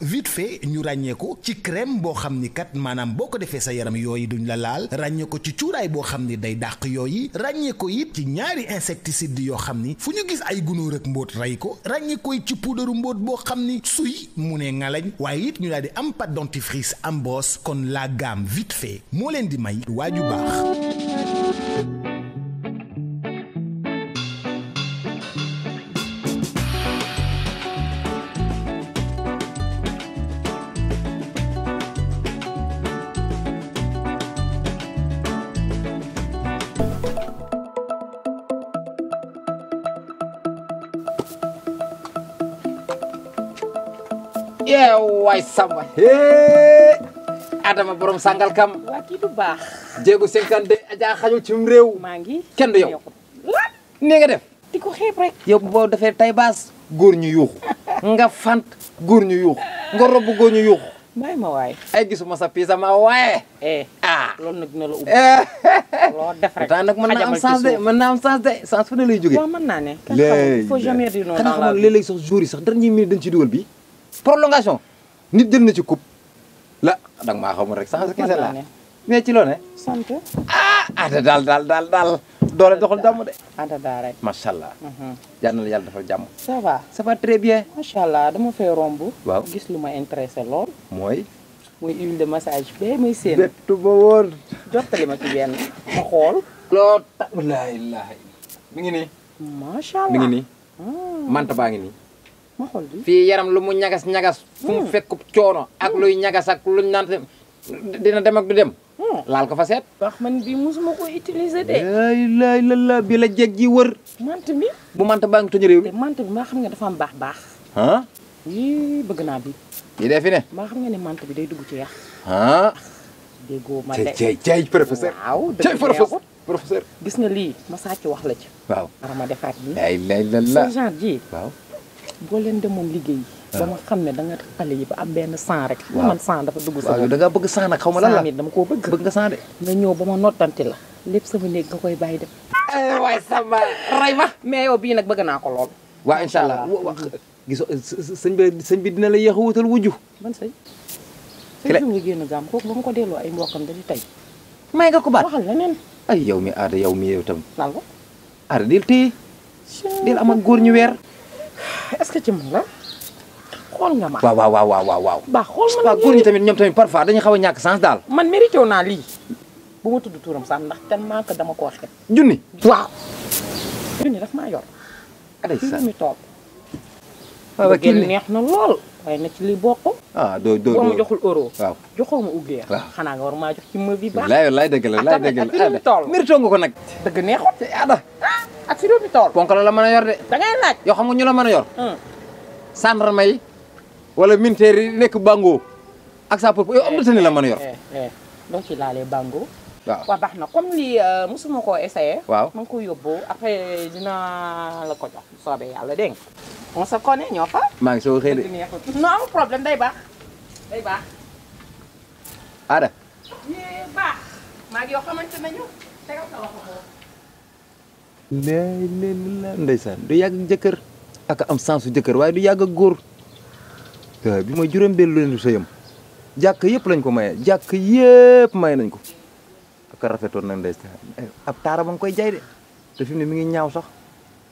vite fait ñu ràññee ko ci crème boo xam ni kat maanaam boo ko defee sa yaram yooyu duñu la laal ràññee ko ci cuuraay boo xam ni day dàq yooyu ràññee ko it ci ñaari insecticide yoo xam ni fu ñu gis ay gunóor ak mbóot rey ko ràññee ko it ci puudaru mbóot boo xam ni suy mu ne ngalañ waaye it ñu daal di am pat dentifrice am boos kon laa gamme vite fait moo leen di may waaju baax yeeway samba he adama borom sangal kam kamu. baax jeego 52 aja xajul ci rew mangi kenn du yow lan ni nga def diko xeb rek yow bo defé tay baas gor ñu yuux nga fant gor ñu yuux nga ñu yuux may ma ay gisuma sa pisa ma eh ah lool nak dina la ubbi eh. lo def rek ta nak man na am sens de man na am sens de sens fu ne lay joggé wa man na faut jamais dire non la sax jour yi sax dernier minute dañ ci bi prolongation nit jël na ci coupe la dang ma xamul rek sans kese la mais ci lone sante ah ada dal dal dal daal. doole doxal jàmm de. ada da rek. macha allah. Mhm. yal na la yàlla defal ça va ça va très bien. macha allah dama fay rombu waaw gis luma intéressé lool. moy moy huile de massage bee muy seen. bettu bo woon. jotali ma ci ben ma xol lo ta. wallaahi mi ngi nii. macha allah mi ngi nii. Ah. manta baa ngi nii fi yaram lu mu ñagas ñagas. fu mu hmm. fekk coono ak hmm. luy ñagas ak lu ñaan dina dem ak du dem. Hmm. laal ko fa seet. wax man bi musuma ko utiliser de. la la la bi la jeg ji wër. mant mi bu mant baa ngi tëj réew mi. mant bi ma xam nga dafa am bax bax han yi bëgg na bi. yi def fi ne. maa xam nga ni mant bi day dugg ci yàq. han dego ma de. cey cey professeur. waaw cey professeur professeur. gis nga li ma sa ci wax la ci. waaw. dara ma defaat ni ay lay la la. ji waaw boo leen demoon liggéey ah. ba ma xam da nga xale yi ba am benn sang rek xam man sang dafa dugg sa da nga bëgg sang nag xaw lan la dama koo bëgg bëgg nga de nga ñëw ba ma la lépp sama néeg nga koy bàyyi dem eh, sama ma bëgg ko lool allah gis sëñ bi sëñ bi dina la yéex wutal wujju ban sëñ sëñ bi nga génn gaam kooku ko ay may nga ko waxal ay yow mi aada yow mi yow tam lan ko Dil del téye ñu est-ce que ci mën la xool nga ma. waaw waaw waaw waaw waaw. baax xool ma la tamit ñoom tamit parfois dañuy xaw a ñàkk sens daal. man mérité naa lii. bu ma tudd tuuram sax ndax tellement que dama koo xeeb. junni waaw. junni daf maa yor. alayhi salaam fi mu toog. waaw kii neex na lool. xëy na ci li bokk. ah doo doo boo ma joxul waaw joxoo ma waaw xanaa nga war maa jox ci ma bi baax. laay dëgg la laay dëgg la aada méritoo nga ko nag. dëgg neexut te aada. Ah, ak fi réew mi tool. ponk la la a yor de. da ngay laaj ñu la mën a yor. gendarme hmm. yi wala militaire yi nekk bango ak saa pour yow am na tane la mën a yor. Eh, eh, eh, doo ci laalee bango. waaw waaw baax na comme lii euh, mosuma koo essayé. waaw ma ngi koy yóbbu après dinaa la ko soobee yàlla dégg on se connaît n'y a pas ngi soog a non amul problème day baax day Ada. yee baax maa ngi yoo ñu tegal sa loxo boobu. léeg du yàgg jëkkër ak am sensu jëkkër waaye du yàgg góor bi mooy juróom benn lu leen du sëyam jàkk lañ ko may nañ ko ak rafetoon ab koy te mi ngi ñaaw sax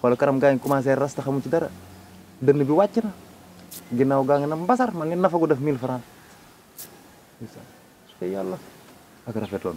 wala karam gaa commencé rasta xamu ci dara dënn bi wàcc na ginnaaw gaa ngi na mbasar man ni nafa ko def 1000 francs yàlla ak rafetoon